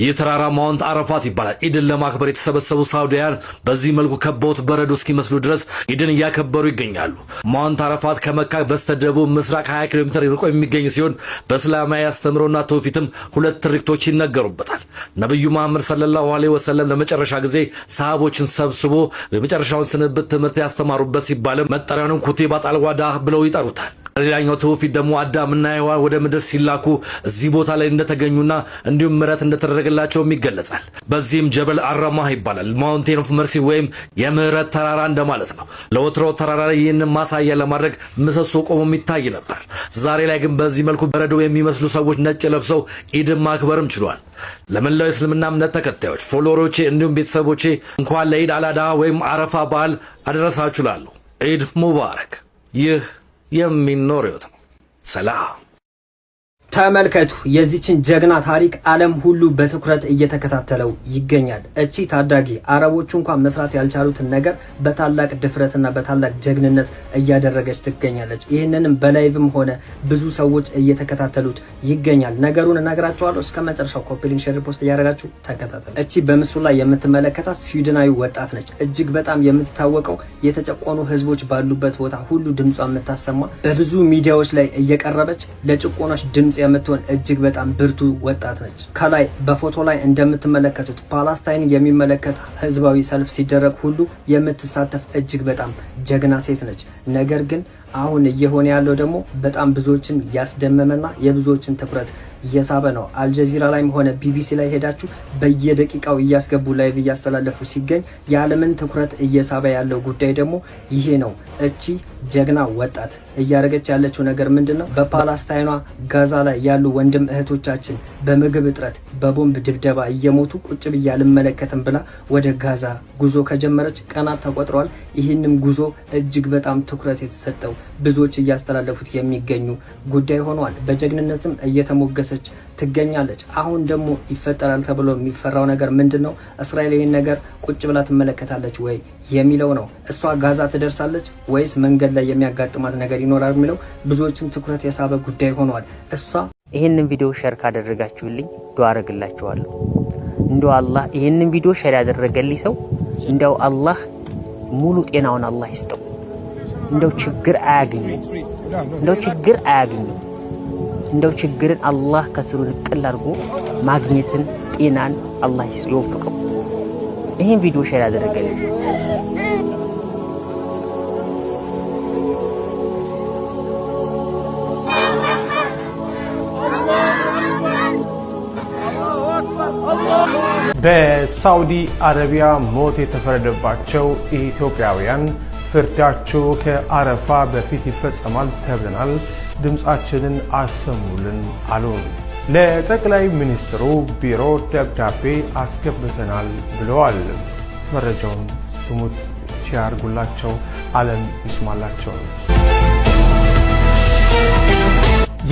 ይህ ተራራ ማውንት አረፋት ይባላል። ኢድን ለማክበር የተሰበሰቡ ሳውዲያን በዚህ መልኩ ከበውት በረዶ እስኪመስሉ ድረስ ኢድን እያከበሩ ይገኛሉ። ማውንት አረፋት ከመካ በስተደቡብ ምስራቅ 20 ኪሎ ሜትር ርቆ የሚገኝ ሲሆን በእስላማዊ አስተምሮና ትውፊትም ሁለት ትርክቶች ይነገሩበታል። ነቢዩ መሐመድ ሰለላሁ ዐለይሂ ወሰለም ለመጨረሻ ጊዜ ሰሃቦችን ሰብስቦ የመጨረሻውን ስንብት ትምህርት ያስተማሩበት ሲባልም መጠሪያውንም ኩቴባ ጣልዋዳ ብለው ይጠሩታል። ሌላኛው ትውፊት ደግሞ አዳምና ሔዋን ወደ ምድር ሲላኩ እዚህ ቦታ ላይ እንደተገኙና እንዲሁም ምረት እንደተደረገ እንደሚደረግላቸውም ይገለጻል። በዚህም ጀበል አራማህ ይባላል። ማውንቴን ኦፍ መርሲ ወይም የምህረት ተራራ እንደማለት ነው። ለወትሮ ተራራ ላይ ይህንን ማሳያ ለማድረግ ምሰሶ ቆሞ የሚታይ ነበር። ዛሬ ላይ ግን በዚህ መልኩ በረዶ የሚመስሉ ሰዎች ነጭ ለብሰው ኢድን ማክበርም ችሏል። ለመላው የእስልምና እምነት ተከታዮች ፎሎሮቼ፣ እንዲሁም ቤተሰቦቼ እንኳን ለኢድ አላዳ ወይም አረፋ በዓል አደረሳችሁ ኢድ ሙባረክ። ይህ የሚኖር ህይወት ነው። ሰላም ተመልከቱ የዚችን ጀግና ታሪክ ዓለም ሁሉ በትኩረት እየተከታተለው ይገኛል። እቺ ታዳጊ አረቦቹ እንኳን መስራት ያልቻሉትን ነገር በታላቅ ድፍረትና በታላቅ ጀግንነት እያደረገች ትገኛለች። ይህንንም በላይቭም ሆነ ብዙ ሰዎች እየተከታተሉት ይገኛል። ነገሩን እነግራችኋለሁ። እስከ መጨረሻው ኮፒሊንግ ሼር ፖስት እያደረጋችሁ ተከታተሉ። እቺ በምስሉ ላይ የምትመለከታት ስዊድናዊ ወጣት ነች። እጅግ በጣም የምትታወቀው የተጨቆኑ ህዝቦች ባሉበት ቦታ ሁሉ ድምጿ የምታሰማ በብዙ ሚዲያዎች ላይ እየቀረበች ለጭቆኖች ድምጽ የምትሆን እጅግ በጣም ብርቱ ወጣት ነች። ከላይ በፎቶ ላይ እንደምትመለከቱት ፓላስታይን የሚመለከት ህዝባዊ ሰልፍ ሲደረግ ሁሉ የምትሳተፍ እጅግ በጣም ጀግና ሴት ነች። ነገር ግን አሁን እየሆነ ያለው ደግሞ በጣም ብዙዎችን ያስደመመና የብዙዎችን ትኩረት እየሳበ ነው። አልጀዚራ ላይም ሆነ ቢቢሲ ላይ ሄዳችሁ በየደቂቃው እያስገቡ ላይቭ እያስተላለፉ ሲገኝ የዓለምን ትኩረት እየሳበ ያለው ጉዳይ ደግሞ ይሄ ነው። እቺ ጀግና ወጣት እያደረገች ያለችው ነገር ምንድን ነው? በፓላስታይኗ ጋዛ ላይ ያሉ ወንድም እህቶቻችን በምግብ እጥረት፣ በቦምብ ድብደባ እየሞቱ ቁጭ ብዬ አልመለከትም ብላ ወደ ጋዛ ጉዞ ከጀመረች ቀናት ተቆጥረዋል። ይህንም ጉዞ እጅግ በጣም ትኩረት የተሰጠው ብዙዎች እያስተላለፉት የሚገኙ ጉዳይ ሆነዋል። በጀግንነትም እየተሞገሰ እየተመለሰች ትገኛለች። አሁን ደግሞ ይፈጠራል ተብሎ የሚፈራው ነገር ምንድን ነው? እስራኤል ይህን ነገር ቁጭ ብላ ትመለከታለች ወይ የሚለው ነው። እሷ ጋዛ ትደርሳለች ወይስ መንገድ ላይ የሚያጋጥማት ነገር ይኖራል የሚለው ብዙዎችን ትኩረት የሳበ ጉዳይ ሆኗል። እሷ ይህንን ቪዲዮ ሸር ካደረጋችሁልኝ ዱዓ አረግላችኋለሁ። እንደው አላህ ይህንን ቪዲዮ ሸር ያደረገልኝ ሰው እንደው አላህ ሙሉ ጤናውን አላህ ይስጠው። እንደው ችግር አያገኙ እንደው ችግር አያገኙ እንደው ችግርን አላህ ከስሩ ልቅል አድርጎ ማግኘትን ጤናን አላህ ይወፍቀው። ይህን ቪዲዮ ሼር ያደረገልኝ በሳውዲ አረቢያ ሞት የተፈረደባቸው ኢትዮጵያውያን ፍርዳቸው ከአረፋ በፊት ይፈጸማል ተብለናል። ድምፃችንን አሰሙልን አሉን። ለጠቅላይ ሚኒስትሩ ቢሮ ደብዳቤ አስገብተናል ብለዋል። መረጃውን ስሙት፣ ሲያርጉላቸው አድርጉላቸው፣ ይስማላቸው።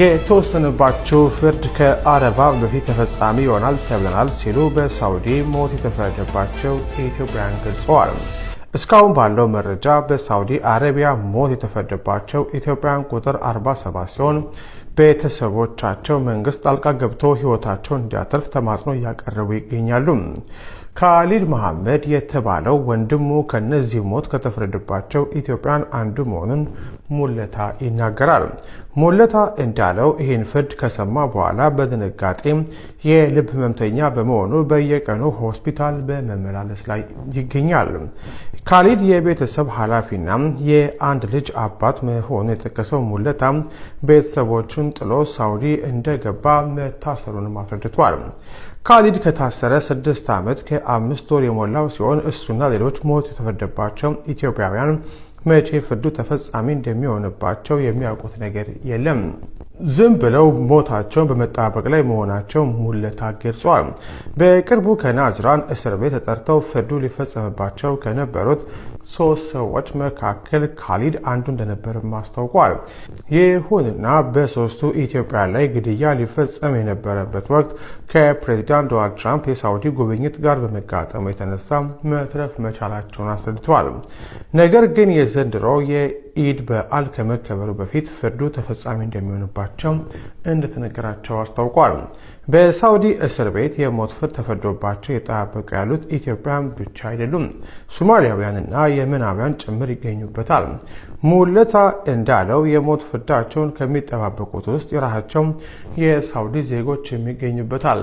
የተወሰነባቸው ፍርድ ከአረባ በፊት ተፈጻሚ ይሆናል ተብለናል ሲሉ በሳውዲ ሞት የተፈረደባቸው ኢትዮጵያውያን ገልጸዋል። እስካሁን ባለው መረጃ በሳውዲ አረቢያ ሞት የተፈረደባቸው ኢትዮጵያውያን ቁጥር 47 ሲሆን ቤተሰቦቻቸው መንግስት ጣልቃ ገብቶ ህይወታቸውን እንዲያተርፍ ተማጽኖ እያቀረቡ ይገኛሉ። ካሊድ መሐመድ የተባለው ወንድሙ ከነዚህ ሞት ከተፈረደባቸው ኢትዮጵያውያን አንዱ መሆኑን ሙለታ ይናገራል። ሙለታ እንዳለው ይህን ፍርድ ከሰማ በኋላ በድንጋጤ የልብ ህመምተኛ በመሆኑ በየቀኑ ሆስፒታል በመመላለስ ላይ ይገኛል። ካሊድ የቤተሰብ ኃላፊና የአንድ ልጅ አባት መሆኑ የጠቀሰው ሙለታ ቤተሰቦቹን ጥሎ ሳውዲ እንደገባ መታሰሩንም አስረድቷል። ካሊድ ከታሰረ ስድስት ዓመት ከአምስት ወር የሞላው ሲሆን እሱና ሌሎች ሞት የተፈረደባቸው ኢትዮጵያውያን መቼ ፍርዱ ተፈጻሚ እንደሚሆንባቸው የሚያውቁት ነገር የለም። ዝም ብለው ሞታቸውን በመጣበቅ ላይ መሆናቸው ሙለታ ገልጿል። በቅርቡ ከናዝራን እስር ቤት ተጠርተው ፍርዱ ሊፈጸምባቸው ከነበሩት ሶስት ሰዎች መካከል ካሊድ አንዱ እንደነበር አስታውቋል። ይሁንና በሶስቱ ኢትዮጵያ ላይ ግድያ ሊፈጸም የነበረበት ወቅት ከፕሬዚዳንት ዶናልድ ትራምፕ የሳውዲ ጉብኝት ጋር በመጋጠሙ የተነሳ መትረፍ መቻላቸውን አስረድተዋል። ነገር ግን የዘንድሮ ኢድ በዓል ከመከበሩ በፊት ፍርዱ ተፈጻሚ እንደሚሆንባቸው እንደተነገራቸው አስታውቋል። በሳውዲ እስር ቤት የሞት ፍርድ ተፈርዶባቸው የጠባበቁ ያሉት ኢትዮጵያን ብቻ አይደሉም፣ ሶማሊያውያንና የመናውያን ጭምር ይገኙበታል። ሙለታ እንዳለው የሞት ፍርዳቸውን ከሚጠባበቁት ውስጥ የራሳቸው የሳውዲ ዜጎች የሚገኙበታል።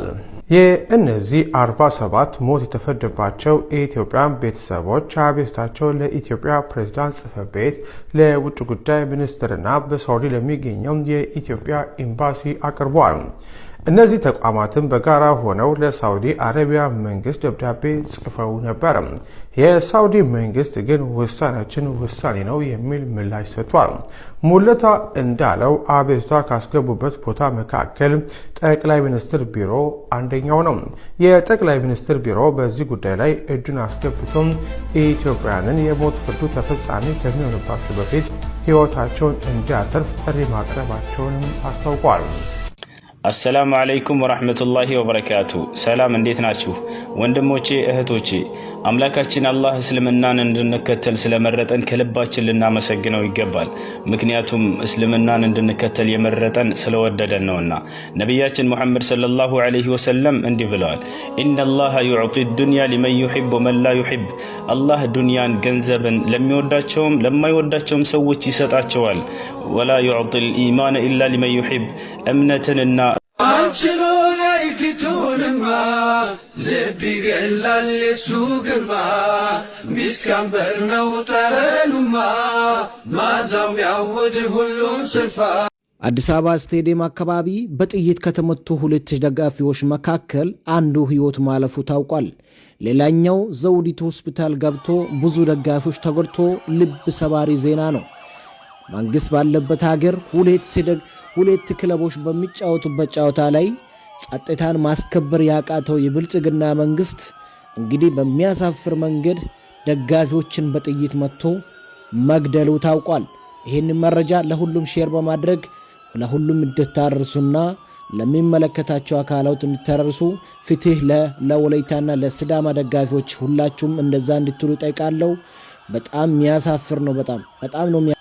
የእነዚህ 47 ሞት የተፈረደባቸው የኢትዮጵያን ቤተሰቦች አቤቱታቸው ለኢትዮጵያ ፕሬዝዳንት ጽህፈት ቤት ለውጭ ጉዳይ ሚኒስትርና በሳውዲ ለሚገኘው የኢትዮጵያ ኤምባሲ አቅርቧል። እነዚህ ተቋማትም በጋራ ሆነው ለሳውዲ አረቢያ መንግስት ደብዳቤ ጽፈው ነበር። የሳውዲ መንግስት ግን ውሳኔያችን ውሳኔ ነው የሚል ምላሽ ሰጥቷል። ሙለታ እንዳለው አቤቱታ ካስገቡበት ቦታ መካከል ጠቅላይ ሚኒስትር ቢሮ አንደኛው ነው። የጠቅላይ ሚኒስትር ቢሮ በዚህ ጉዳይ ላይ እጁን አስገብቶም ኢትዮጵያንን የሞት ፍርዱ ተፈጻሚ ከሚሆንባቸው በፊት ሕይወታቸውን እንዲያተርፍ ጥሪ ማቅረባቸውንም አስታውቋል። አሰላሙ አለይኩም ወራህመቱላሂ ወበረካቱ። ሰላም እንዴት ናችሁ ወንድሞቼ እህቶቼ? አምላካችን አላህ እስልምናን እንድንከተል ስለመረጠን ከልባችን ልናመሰግነው ይገባል። ምክንያቱም እስልምናን እንድንከተል የመረጠን ስለወደደን ነውና። ነቢያችን ሙሐመድ ሰለላሁ ዐለይሂ ወሰለም እንዲህ ብለዋል፣ ኢነላሃ ዩዕጢ ዱንያ ሊመን ዩሒብ ወመን ላ ዩሒብ። አላህ ዱንያን ገንዘብን ለሚወዳቸውም ለማይወዳቸውም ሰዎች ይሰጣቸዋል። ወላ ዩዕጢ ልኢማን ኢላ ሊመን ዩሒብ እምነትንና ችሎ ላይ ፊቱንማ ልብ ይገላል የሱ ግርማ ሚስካንበር ነው ጠረኑማ ማዛም ያውድ ሁሉን ስልፋ አዲስ አበባ ስቴዲየም አካባቢ በጥይት ከተመቱ ሁለት ደጋፊዎች መካከል አንዱ ሕይወት ማለፉ ታውቋል። ሌላኛው ዘውዲቱ ሆስፒታል ገብቶ ብዙ ደጋፊዎች ተጎድቶ ልብ ሰባሪ ዜና ነው። መንግሥት ባለበት ሀገር ሁለት ሁለት ክለቦች በሚጫወቱበት ጨዋታ ላይ ጸጥታን ማስከበር ያቃተው የብልጽግና መንግስት እንግዲህ በሚያሳፍር መንገድ ደጋፊዎችን በጥይት መጥቶ መግደሉ ታውቋል። ይህንን መረጃ ለሁሉም ሼር በማድረግ ለሁሉም እንድታርሱና ለሚመለከታቸው አካላት እንድታደርሱ ፍትህ ለወላይታና ለስዳማ ደጋፊዎች ሁላችሁም እንደዛ እንድትሉ ጠይቃለሁ። በጣም የሚያሳፍር ነው። በጣም በጣም ነው።